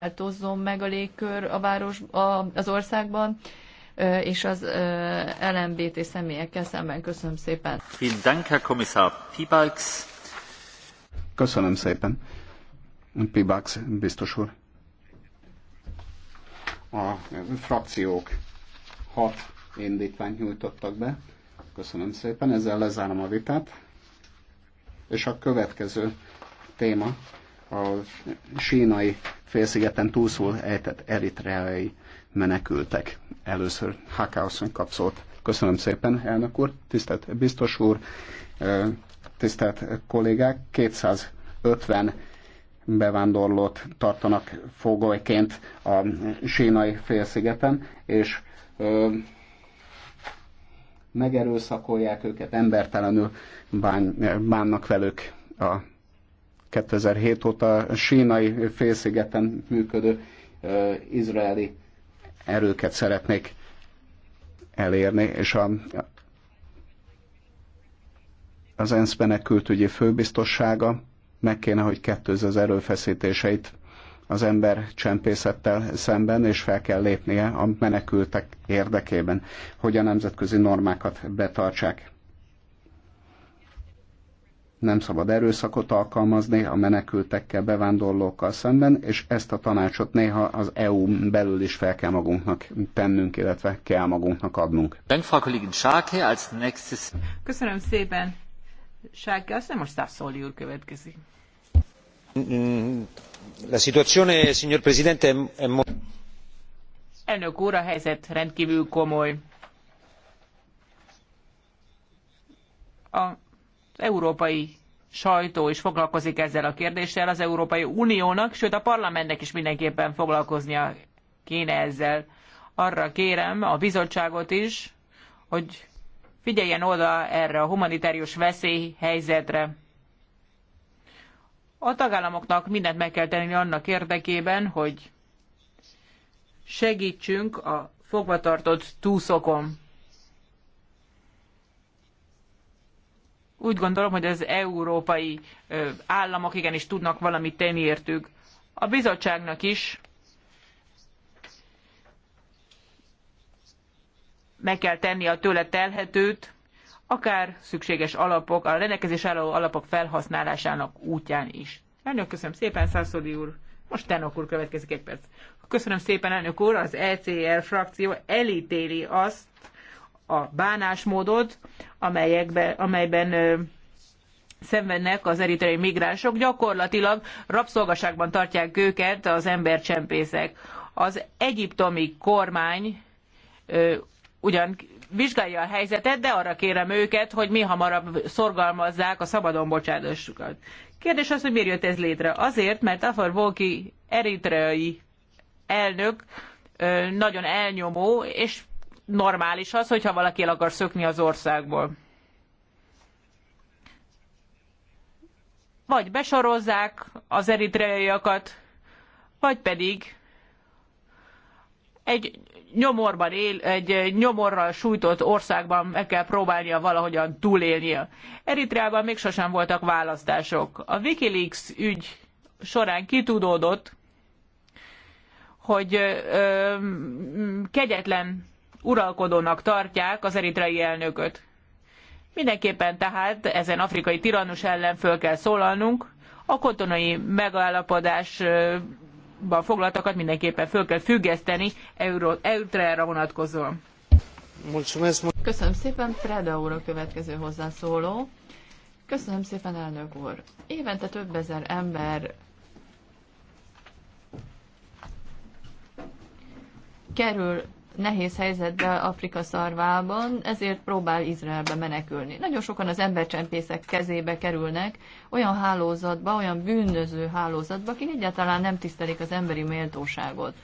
változzon meg a légkör a város, a, az országban, és az LMBT személyekkel szemben. Köszönöm szépen. Köszönöm szépen. Pibax, biztos úr. A frakciók hat indítványt nyújtottak be. Köszönöm szépen, ezzel lezárom a vitát. És a következő téma a sínai félszigeten túlszul ejtett eritreai menekültek. Először Hakáoszony kap Köszönöm szépen, elnök úr, tisztelt biztos úr, tisztelt kollégák, 250 bevándorlót tartanak fogolyként a sínai félszigeten, és ö, megerőszakolják őket, embertelenül bán, bánnak velük a 2007 óta sínai félszigeten működő izraeli erőket szeretnék elérni, és a, az ENSZ menekültügyi főbiztossága meg kéne, hogy kettőz az erőfeszítéseit az ember csempészettel szemben, és fel kell lépnie a menekültek érdekében, hogy a nemzetközi normákat betartsák nem szabad erőszakot alkalmazni a menekültekkel, bevándorlókkal szemben, és ezt a tanácsot néha az EU belül is fel kell magunknak tennünk, illetve kell magunknak adnunk. Köszönöm szépen, Sáke, nem most Szászóli úr következik. Mm, la situazione, signor Presidente, è molto... Elnök úr, a helyzet rendkívül komoly. A európai sajtó is foglalkozik ezzel a kérdéssel, az Európai Uniónak, sőt a parlamentnek is mindenképpen foglalkoznia kéne ezzel. Arra kérem a bizottságot is, hogy figyeljen oda erre a humanitárius veszélyhelyzetre. A tagállamoknak mindent meg kell tenni annak érdekében, hogy segítsünk a fogvatartott túszokon. úgy gondolom, hogy az európai államok igenis tudnak valamit tenni értük. A bizottságnak is meg kell tenni a tőle telhetőt, akár szükséges alapok, a rendelkezés álló alapok felhasználásának útján is. Elnök, köszönöm szépen, Szászodi úr. Most Tenok úr következik egy perc. Köszönöm szépen, elnök úr, az ECR frakció elítéli azt, a bánásmódot, amelyekbe, amelyben ö, szenvednek az eritrei migránsok, gyakorlatilag rabszolgaságban tartják őket az embercsempészek. Az egyiptomi kormány ö, ugyan vizsgálja a helyzetet, de arra kérem őket, hogy mi hamarabb szorgalmazzák a szabadon bocsátásukat. Kérdés az, hogy miért jött ez létre? Azért, mert Afar Volki eritreai elnök nagyon elnyomó, és normális az, hogyha valaki el akar szökni az országból. Vagy besorozzák az eritreaiakat, vagy pedig egy nyomorban él, egy nyomorral sújtott országban meg kell próbálnia valahogyan túlélnie. Eritreában még sosem voltak választások. A Wikileaks ügy során kitudódott, hogy ö, kegyetlen uralkodónak tartják az eritreai elnököt. Mindenképpen tehát ezen afrikai tirannus ellen föl kell szólalnunk, a kotonai megállapodásban foglaltakat mindenképpen föl kell függeszteni Eritreára vonatkozóan. Köszönöm szépen, Freda úr a következő hozzászóló. Köszönöm szépen, elnök úr. Évente több ezer ember kerül nehéz helyzetbe Afrika szarvában, ezért próbál Izraelbe menekülni. Nagyon sokan az embercsempészek kezébe kerülnek, olyan hálózatba, olyan bűnöző hálózatba, akik egyáltalán nem tisztelik az emberi méltóságot.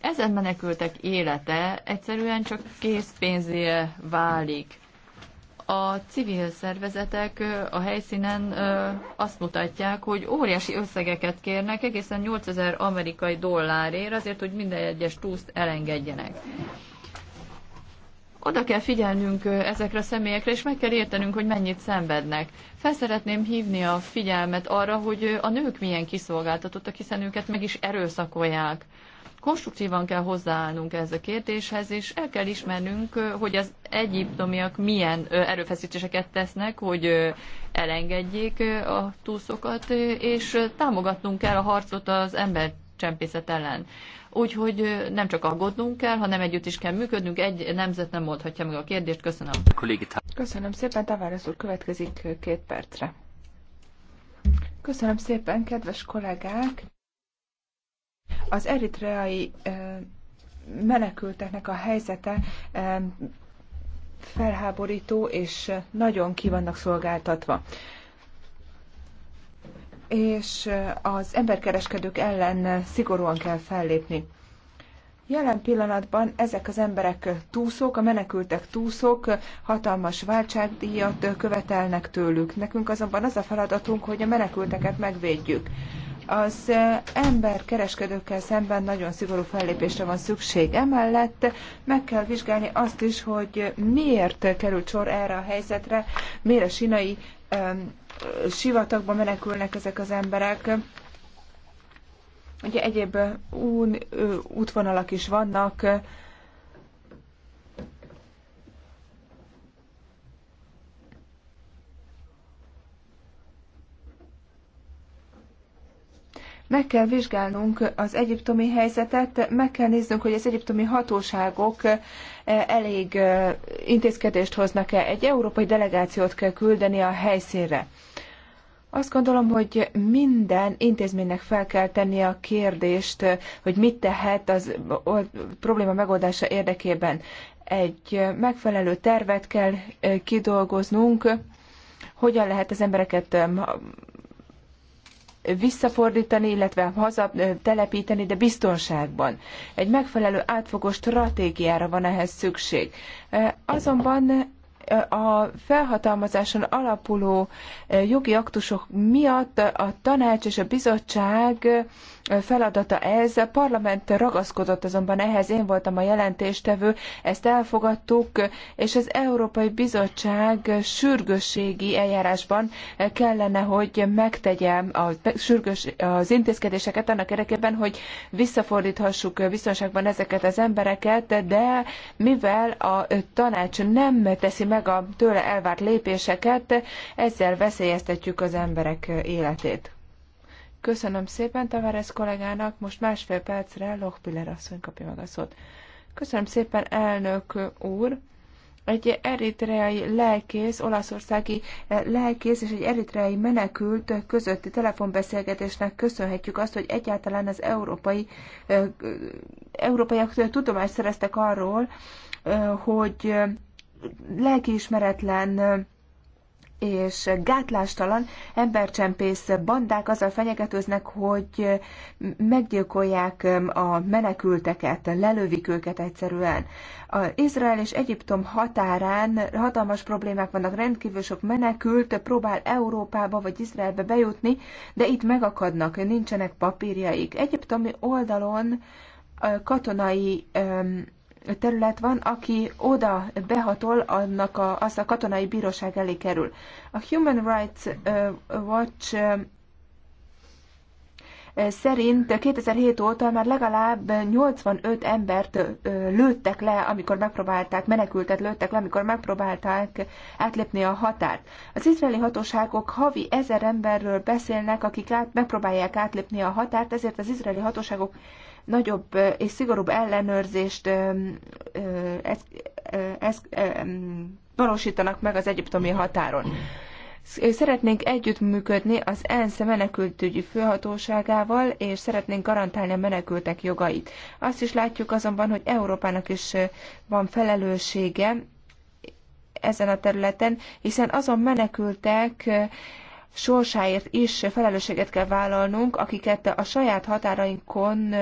Ezen menekültek élete egyszerűen csak készpénzé válik a civil szervezetek a helyszínen azt mutatják, hogy óriási összegeket kérnek, egészen 8000 amerikai dollárért, azért, hogy minden egyes túszt elengedjenek. Oda kell figyelnünk ezekre a személyekre, és meg kell értenünk, hogy mennyit szenvednek. Felszeretném hívni a figyelmet arra, hogy a nők milyen kiszolgáltatottak, hiszen őket meg is erőszakolják konstruktívan kell hozzáállnunk ez a kérdéshez, és el kell ismernünk, hogy az egyiptomiak milyen erőfeszítéseket tesznek, hogy elengedjék a túszokat, és támogatnunk kell a harcot az embercsempészet ellen. Úgyhogy nem csak aggódnunk kell, hanem együtt is kell működnünk. Egy nemzet nem oldhatja meg a kérdést. Köszönöm. Köszönöm szépen. Tavárez úr következik két percre. Köszönöm szépen, kedves kollégák! Az eritreai menekülteknek a helyzete felháborító és nagyon ki vannak szolgáltatva. És az emberkereskedők ellen szigorúan kell fellépni. Jelen pillanatban ezek az emberek túszók, a menekültek túszók, hatalmas váltságdíjat követelnek tőlük. Nekünk azonban az a feladatunk, hogy a menekülteket megvédjük az emberkereskedőkkel szemben nagyon szigorú fellépésre van szükség. Emellett meg kell vizsgálni azt is, hogy miért került sor erre a helyzetre, miért a sinai um, sivatagba menekülnek ezek az emberek. Ugye egyéb ú- útvonalak is vannak, Meg kell vizsgálnunk az egyiptomi helyzetet, meg kell néznünk, hogy az egyiptomi hatóságok eh, elég eh, intézkedést hoznak-e. Egy európai delegációt kell küldeni a helyszínre. Azt gondolom, hogy minden intézménynek fel kell tenni a kérdést, eh, hogy mit tehet az probléma megoldása érdekében. Egy megfelelő tervet kell kidolgoznunk, hogyan lehet az embereket visszafordítani, illetve haza telepíteni, de biztonságban. Egy megfelelő átfogó stratégiára van ehhez szükség. Azonban a felhatalmazáson alapuló jogi aktusok miatt a tanács és a bizottság feladata ez. A parlament ragaszkodott azonban ehhez, én voltam a jelentéstevő, ezt elfogadtuk, és az Európai Bizottság sürgősségi eljárásban kellene, hogy megtegye a sürgős, az intézkedéseket annak érdekében, hogy visszafordíthassuk biztonságban ezeket az embereket, de mivel a tanács nem teszi meg a tőle elvárt lépéseket, ezzel veszélyeztetjük az emberek életét. Köszönöm szépen Tavares kollégának, most másfél percre Lochbiller asszony kapja meg a szót. Köszönöm szépen, elnök úr! Egy eritreai lelkész, olaszországi eh, lelkész és egy eritreai menekült közötti telefonbeszélgetésnek köszönhetjük azt, hogy egyáltalán az európai, eh, európaiak tudomást szereztek arról, eh, hogy lelkiismeretlen és gátlástalan embercsempész bandák azzal fenyegetőznek, hogy meggyilkolják um, a menekülteket, lelövik őket egyszerűen. A Izrael és Egyiptom határán hatalmas problémák vannak, rendkívül sok menekült próbál Európába vagy Izraelbe bejutni, de itt megakadnak, nincsenek papírjaik. Egyiptomi oldalon uh, katonai um, terület van, aki oda behatol, annak a, az a katonai bíróság elé kerül. A Human Rights Watch szerint 2007 óta már legalább 85 embert lőttek le, amikor megpróbálták, menekültet lőttek le, amikor megpróbálták átlépni a határt. Az izraeli hatóságok havi ezer emberről beszélnek, akik át, megpróbálják átlépni a határt, ezért az izraeli hatóságok nagyobb és szigorúbb ellenőrzést valósítanak meg az egyiptomi határon. Szeretnénk együttműködni az ENSZ menekültügyi főhatóságával, és szeretnénk garantálni a menekültek jogait. Azt is látjuk azonban, hogy Európának is van felelőssége ezen a területen, hiszen azon menekültek, sorsáért is felelősséget kell vállalnunk, akiket a saját határainkon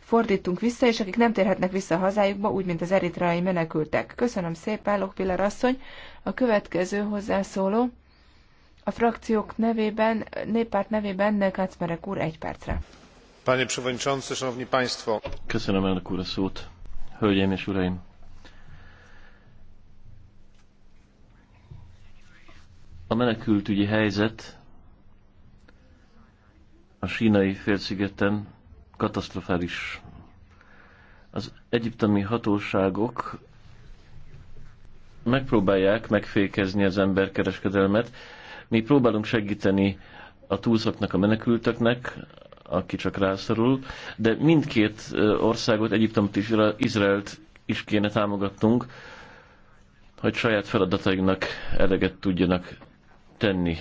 fordítunk vissza, és akik nem térhetnek vissza hazájukba, úgy, mint az eritreai menekültek. Köszönöm szépen, Lokpiller asszony. A következő hozzászóló a frakciók nevében, néppárt nevében Kacmerek úr egy percre. Panie Przewodniczący, Szanowni Państwo! Köszönöm elnök úr a szót. Hölgyeim és uraim! A menekültügyi helyzet a sínai félszigeten katasztrofális. Az egyiptomi hatóságok megpróbálják megfékezni az emberkereskedelmet. Mi próbálunk segíteni a túlszaknak, a menekülteknek, aki csak rászorul, de mindkét országot, Egyiptomot és Izraelt is kéne támogatnunk, hogy saját feladatainknak eleget tudjanak tenni.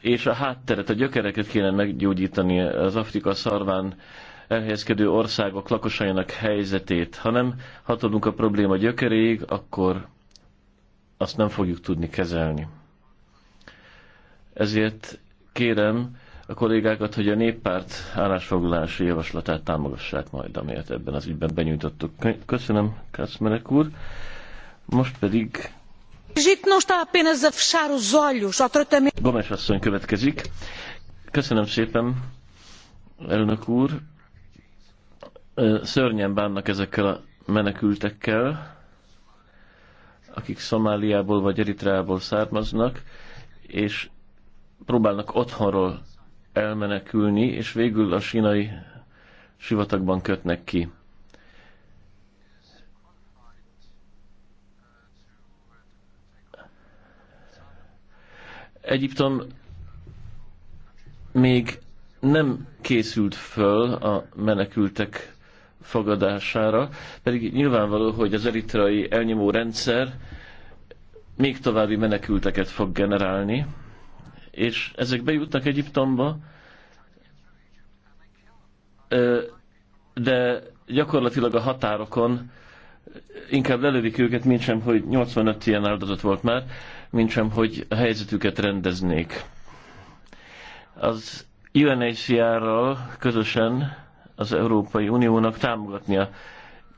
És a hátteret, a gyökereket kéne meggyógyítani az Afrika szarván elhelyezkedő országok lakosainak helyzetét. Ha nem hatodunk a probléma gyökeréig, akkor azt nem fogjuk tudni kezelni. Ezért kérem a kollégákat, hogy a néppárt állásfoglalási javaslatát támogassák majd, amelyet ebben az ügyben benyújtottuk. Köszönöm, Kacmerek úr. Most pedig Gomes asszony következik. Köszönöm szépen, elnök úr. Szörnyen bánnak ezekkel a menekültekkel, akik Szomáliából vagy Eritreából származnak, és próbálnak otthonról elmenekülni, és végül a sínai sivatagban kötnek ki. Egyiptom még nem készült föl a menekültek fogadására, pedig nyilvánvaló, hogy az eritrai elnyomó rendszer még további menekülteket fog generálni, és ezek bejutnak Egyiptomba, de gyakorlatilag a határokon inkább lelövik őket, mintsem, hogy 85 ilyen áldozat volt már, mintsem, hogy a helyzetüket rendeznék. Az UNHCR-ral közösen az Európai Uniónak támogatnia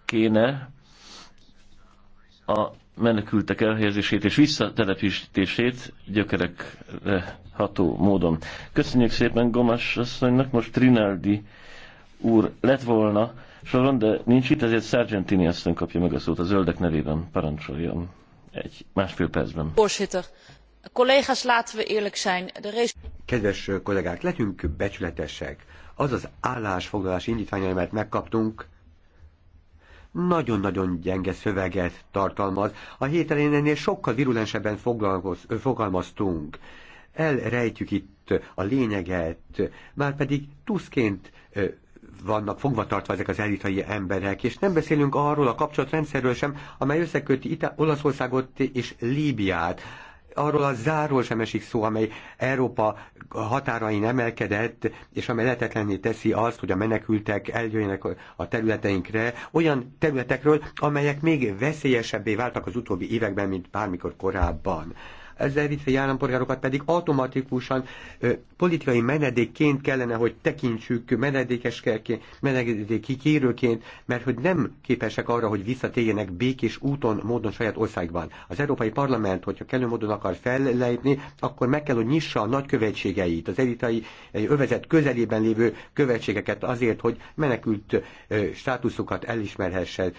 kéne a menekültek elhelyezését és visszatelepítését gyökerekre ható módon. Köszönjük szépen Gomas asszonynak, most Trinaldi úr lett volna soron, de nincs itt, ezért Sargentini asszony kapja meg a szót a zöldek nevében. Parancsoljon. Egy másfél percben. Voorzitter, collega's, laten we eerlijk zijn. Kedves kollégák, legyünk becsületesek. Az az állásfoglalás indítvány, amelyet megkaptunk, nagyon-nagyon gyenge szöveget tartalmaz. A hét elején ennél sokkal virulensebben fogalmaztunk. Elrejtjük itt a lényeget, már pedig Tuszként vannak fogvatartva ezek az elitai emberek, és nem beszélünk arról a kapcsolatrendszerről sem, amely összeköti Ita- Olaszországot és Líbiát arról a záról sem esik szó, amely Európa határain emelkedett, és amely lehetetlenné teszi azt, hogy a menekültek eljöjjenek a területeinkre, olyan területekről, amelyek még veszélyesebbé váltak az utóbbi években, mint bármikor korábban ezzel vitve állampolgárokat pedig automatikusan politikai menedékként kellene, hogy tekintsük menedékesként, menedékkikérőként, mert hogy nem képesek arra, hogy visszatérjenek békés úton, módon saját országban. Az Európai Parlament, hogyha kellő módon akar fellépni, akkor meg kell, hogy nyissa a nagykövetségeit, az elitai övezet közelében lévő követségeket azért, hogy menekült státuszukat elismerhesse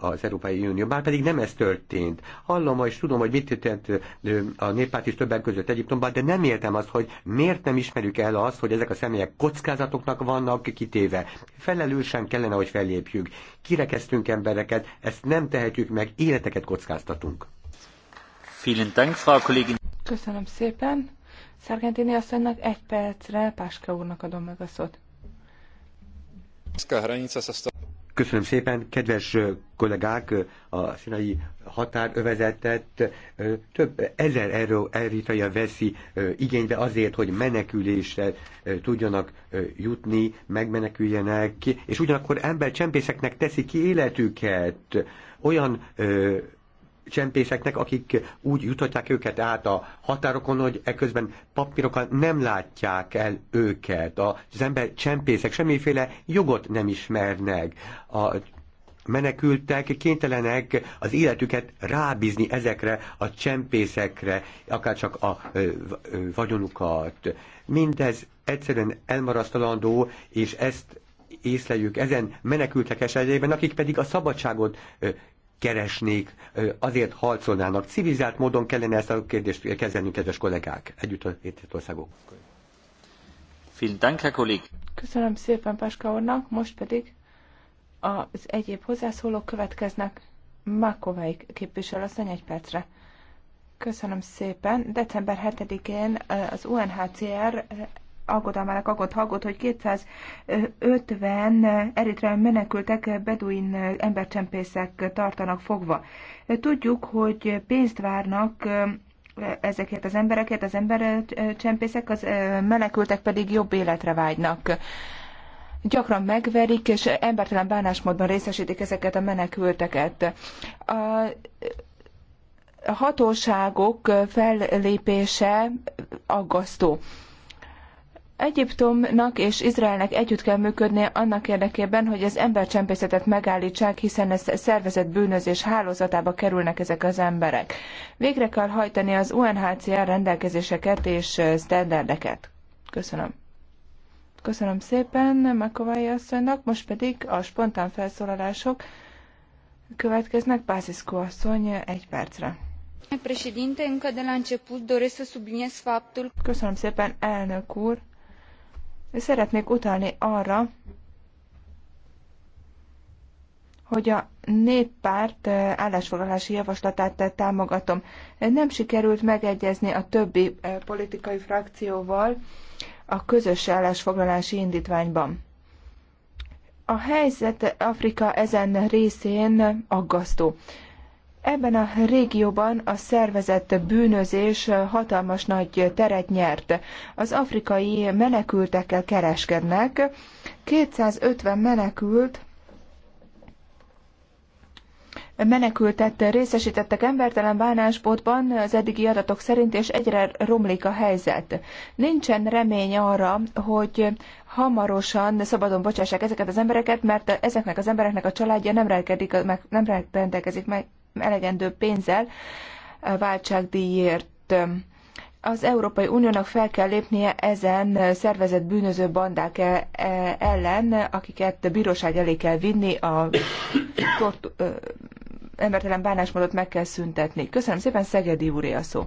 az Európai Unió. Bár pedig nem ez történt. Hallom, és tudom, hogy mit tett a a néppárt is többen között Egyiptomban, de nem értem azt, hogy miért nem ismerjük el azt, hogy ezek a személyek kockázatoknak vannak kitéve. Felelősen kellene, hogy fellépjük. Kirekeztünk embereket, ezt nem tehetjük meg, életeket kockáztatunk. Köszönöm szépen. Szargentini asszonynak egy percre Páska úrnak adom meg a szót. Köszönöm szépen, kedves kollégák, a színai határövezetet több ezer euró eritrea veszi igénybe azért, hogy menekülésre tudjanak jutni, megmeneküljenek, és ugyanakkor embercsempészeknek teszi ki életüket. Olyan csempészeknek, akik úgy jutatják őket át a határokon, hogy eközben papírokkal nem látják el őket. Az ember csempészek semmiféle jogot nem ismernek. A menekültek kénytelenek az életüket rábízni ezekre a csempészekre, akár csak a vagyonukat. Mindez egyszerűen elmarasztalandó, és ezt észleljük ezen menekültek esetében, akik pedig a szabadságot keresnék, azért harcolnának. Civilizált módon kellene ezt a kérdést kezelni, kedves kollégák, együtt a országok. Köszönöm szépen Paska úrnak, most pedig az egyéb hozzászólók következnek. Makovai képviselőasszony egy percre. Köszönöm szépen. December 7-én az UNHCR aggodalmának agott hallgott, hogy 250 eritreai menekültek beduin embercsempészek tartanak fogva. Tudjuk, hogy pénzt várnak ezekért az embereket, az embercsempészek, az menekültek pedig jobb életre vágynak gyakran megverik, és embertelen bánásmódban részesítik ezeket a menekülteket. A hatóságok fellépése aggasztó. Egyiptomnak és Izraelnek együtt kell működnie annak érdekében, hogy az embercsempészetet megállítsák, hiszen ez szervezett bűnözés hálózatába kerülnek ezek az emberek. Végre kell hajtani az UNHCR rendelkezéseket és sztenderdeket. Köszönöm. Köszönöm szépen Makovai asszonynak, most pedig a spontán felszólalások következnek Páziszkó asszony egy percre. Președinte, încă de la început doresc Köszönöm szépen, elnök úr! Szeretnék utalni arra, hogy a néppárt eh, állásfoglalási javaslatát eh, támogatom. Eh, nem sikerült megegyezni a többi politikai frakcióval a közös állásfoglalási indítványban. A helyzet Afrika ezen részén aggasztó. Ebben a régióban a szervezett bűnözés hatalmas nagy teret nyert. Az afrikai menekültekkel kereskednek. 250 menekült menekültet részesítettek embertelen bánásbótban az eddigi adatok szerint, és egyre romlik a helyzet. Nincsen remény arra, hogy hamarosan szabadon bocsássák ezeket az embereket, mert ezeknek az embereknek a családja nem, rendelkezik meg, nem rendelkezik meg elegendő pénzzel váltságdíjért. Az Európai Uniónak fel kell lépnie ezen szervezett bűnöző bandák e, e, ellen, akiket a bíróság elé kell vinni, a embertelen bánásmódot meg kell szüntetni. Köszönöm szépen, Szegedi úré a szó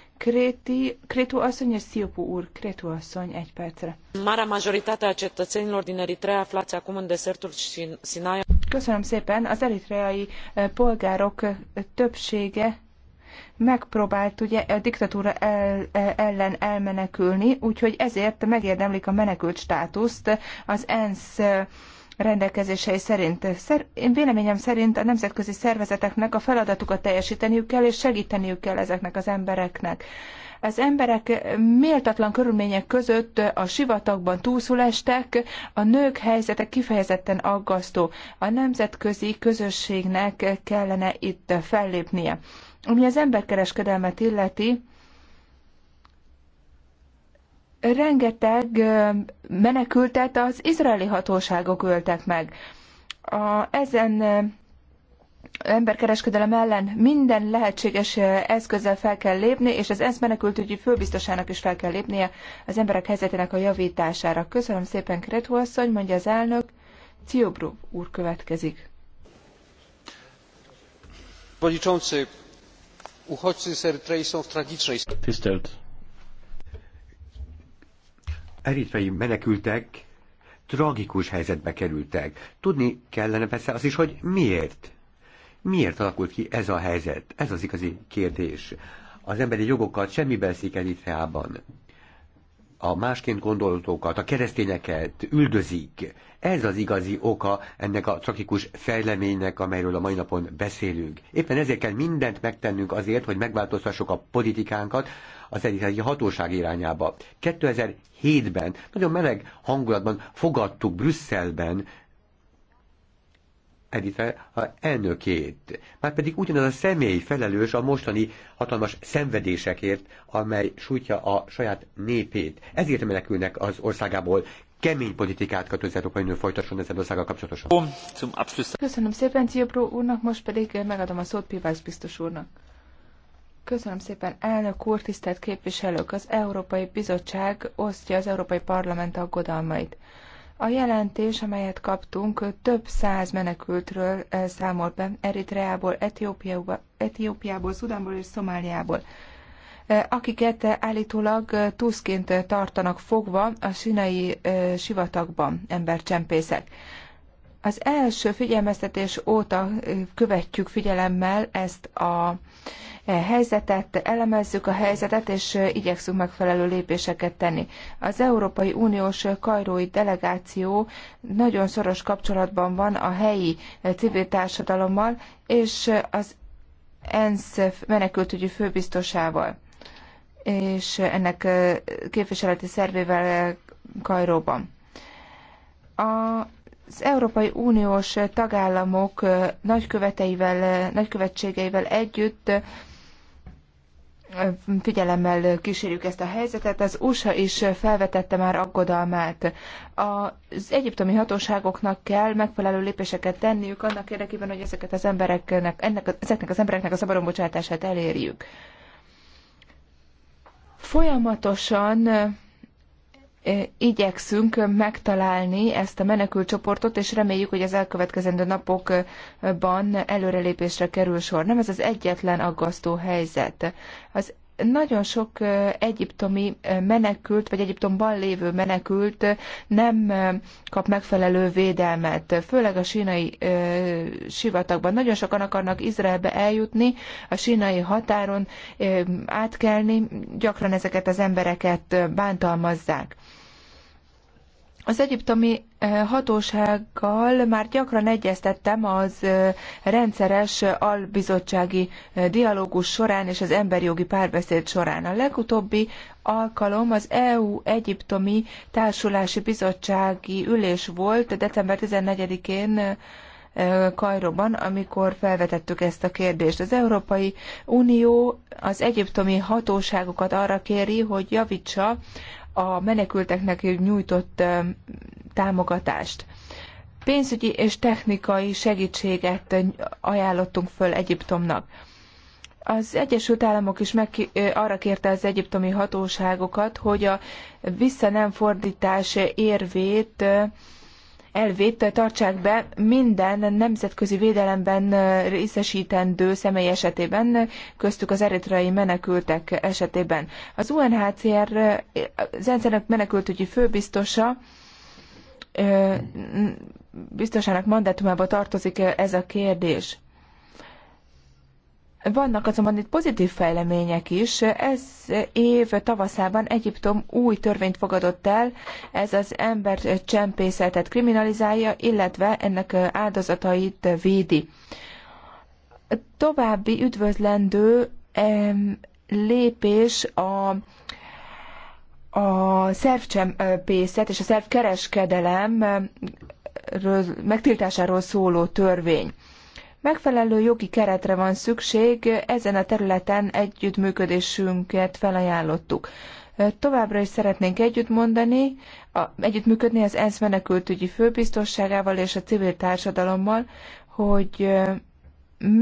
Kréti, Cretu asszony és Sziopu úr. Cretu asszony, egy percre. Marea majoritatea a cetățenilor din Eritrea aflați acum în desertul Sinai. Köszönöm szépen. Az eritreai eh, polgárok eh, többsége megpróbált ugye a diktatúra el, eh, ellen elmenekülni, úgyhogy ezért megérdemlik a menekült státuszt. Az ENSZ rendelkezései szerint. Szer- én véleményem szerint a nemzetközi szervezeteknek a feladatukat teljesíteniük kell, és segíteniük kell ezeknek az embereknek. Az emberek méltatlan körülmények között a sivatagban túlszulestek, a nők helyzete kifejezetten aggasztó. A nemzetközi közösségnek kellene itt fellépnie. Ami az emberkereskedelmet illeti, rengeteg menekültet az izraeli hatóságok öltek meg. A, ezen emberkereskedelem ellen minden lehetséges eszközzel fel kell lépni, és az ENSZ menekültügyi főbiztosának is fel kell lépnie az emberek helyzetének a javítására. Köszönöm szépen, Kretó asszony, mondja az elnök. Ciobru úr következik. Tisztelt eritrei menekültek tragikus helyzetbe kerültek. Tudni kellene persze az is, hogy miért. Miért alakult ki ez a helyzet? Ez az igazi kérdés. Az emberi jogokat semmi beszik Eritreában a másként gondoltókat, a keresztényeket üldözik. Ez az igazi oka ennek a tragikus fejleménynek, amelyről a mai napon beszélünk. Éppen ezért kell mindent megtennünk azért, hogy megváltoztassuk a politikánkat az egyik hatóság irányába. 2007-ben nagyon meleg hangulatban fogadtuk Brüsszelben Edith a elnökét. Márpedig ugyanaz a személy felelős a mostani hatalmas szenvedésekért, amely sújtja a saját népét. Ezért menekülnek az országából kemény politikát köt az Európai Unió folytasson ezen országgal kapcsolatosan. Köszönöm szépen Ciobró úrnak, most pedig megadom a szót Pivász biztos úrnak. Köszönöm szépen, elnök úr, tisztelt képviselők! Az Európai Bizottság osztja az Európai Parlament aggodalmait. A jelentés, amelyet kaptunk, több száz menekültről eh, számol be Eritreából, Etiópiából, Etiópiából, Szudánból és Szomáliából eh, akiket állítólag eh, túszként tartanak fogva a sinai sivatagban embercsempészek. Az első figyelmeztetés óta követjük figyelemmel ezt a e, helyzetet, elemezzük a helyzetet, és igyekszünk megfelelő lépéseket tenni. Az Európai Uniós Kajrói delegáció nagyon szoros kapcsolatban van a helyi e, civil társadalommal és az ENSZ menekültügyi főbiztosával és ennek képviseleti szervével Kajróban. A az Európai Uniós tagállamok nagyköveteivel, nagykövetségeivel együtt figyelemmel kísérjük ezt a helyzetet. Az USA is felvetette már aggodalmát. Az egyiptomi hatóságoknak kell megfelelő lépéseket tenniük annak érdekében, hogy ezeket az embereknek, ennek, ezeknek az embereknek a szabadonbocsátását elérjük. Folyamatosan igyekszünk megtalálni ezt a menekültcsoportot, és reméljük, hogy az elkövetkezendő napokban előrelépésre kerül sor. Nem ez az egyetlen aggasztó helyzet. Az nagyon sok egyiptomi menekült, vagy Egyiptomban lévő menekült nem kap megfelelő védelmet, főleg a sínai sivatagban. Nagyon sokan akarnak Izraelbe eljutni, a sínai határon átkelni, gyakran ezeket az embereket bántalmazzák az egyiptomi eh, hatósággal már gyakran egyeztettem az eh, rendszeres eh, albizottsági dialógus során és az emberi jogi párbeszéd során. A legutóbbi alkalom az EU-Egyiptomi Társulási Bizottsági ülés volt december 14-én Kajroban, amikor felvetettük ezt a kérdést. Az Európai Unió az egyiptomi hatóságokat arra kéri, hogy javítsa a menekülteknek nyújtott támogatást. Pénzügyi és technikai segítséget ajánlottunk föl Egyiptomnak. Az Egyesült Államok is meg, arra kérte az egyiptomi hatóságokat, hogy a vissza nem fordítás érvét elvét tartsák be minden nemzetközi védelemben részesítendő személy esetében, köztük az eritreai menekültek esetében. Az UNHCR, az ENSZ-nek menekültügyi főbiztosa, biztosának mandátumába tartozik ez a kérdés. Vannak azonban itt pozitív fejlemények is. Ez év tavaszában Egyiptom új törvényt fogadott el, ez az ember csempészetet kriminalizálja, illetve ennek áldozatait védi. További üdvözlendő lépés a a szervcsempészet és a szervkereskedelem megtiltásáról szóló törvény. Megfelelő jogi keretre van szükség, ezen a területen együttműködésünket felajánlottuk. Továbbra is szeretnénk együtt mondani, a, együttműködni az ENSZ menekültügyi főbiztosságával és a civil társadalommal, hogy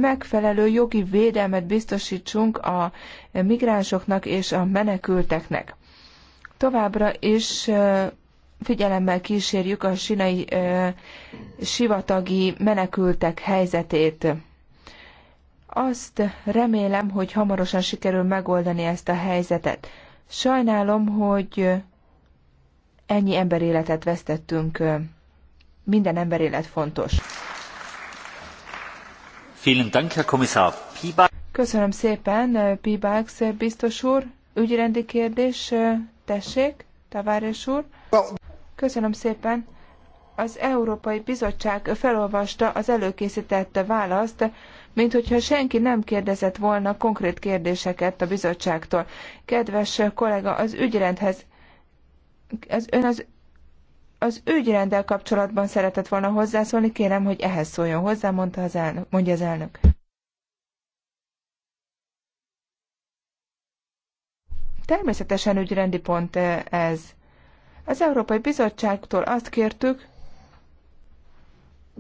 megfelelő jogi védelmet biztosítsunk a migránsoknak és a menekülteknek. Továbbra is figyelemmel kísérjük a sinai sivatagi menekültek helyzetét. Azt remélem, hogy hamarosan sikerül megoldani ezt a helyzetet. Sajnálom, hogy ennyi emberéletet vesztettünk. Minden emberélet fontos. Köszönöm szépen, Pibax biztos úr. Ügyrendi kérdés, tessék, Tavares úr. Köszönöm szépen. Az Európai Bizottság felolvasta az előkészített választ, mint hogyha senki nem kérdezett volna konkrét kérdéseket a bizottságtól. Kedves kollega, az ügyrendhez, az ön az az ügyrenddel kapcsolatban szeretett volna hozzászólni, kérem, hogy ehhez szóljon hozzá, mondta az elnök, mondja az elnök. Természetesen ügyrendi pont eh, ez. Az Európai Bizottságtól azt kértük,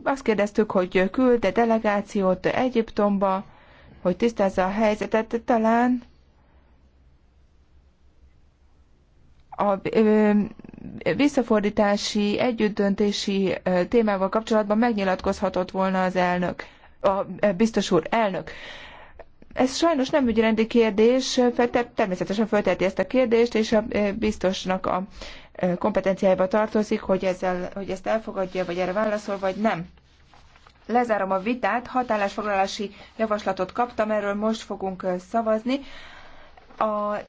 azt kérdeztük, hogy külde delegációt Egyiptomba, hogy tisztázza a helyzetet, talán a visszafordítási, együttdöntési témával kapcsolatban megnyilatkozhatott volna az elnök, a biztos úr elnök. Ez sajnos nem ügyrendi kérdés, természetesen fölteti ezt a kérdést, és a biztosnak a kompetenciájába tartozik, hogy, ezzel, hogy ezt elfogadja, vagy erre válaszol, vagy nem. Lezárom a vitát, hatállásfoglalási javaslatot kaptam, erről most fogunk szavazni. A